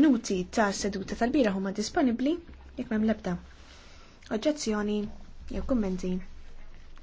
minuti ta' seduta tal-bira huma disponibbli jekk m'hemm l-ebda oġġezzjoni jew kummenti.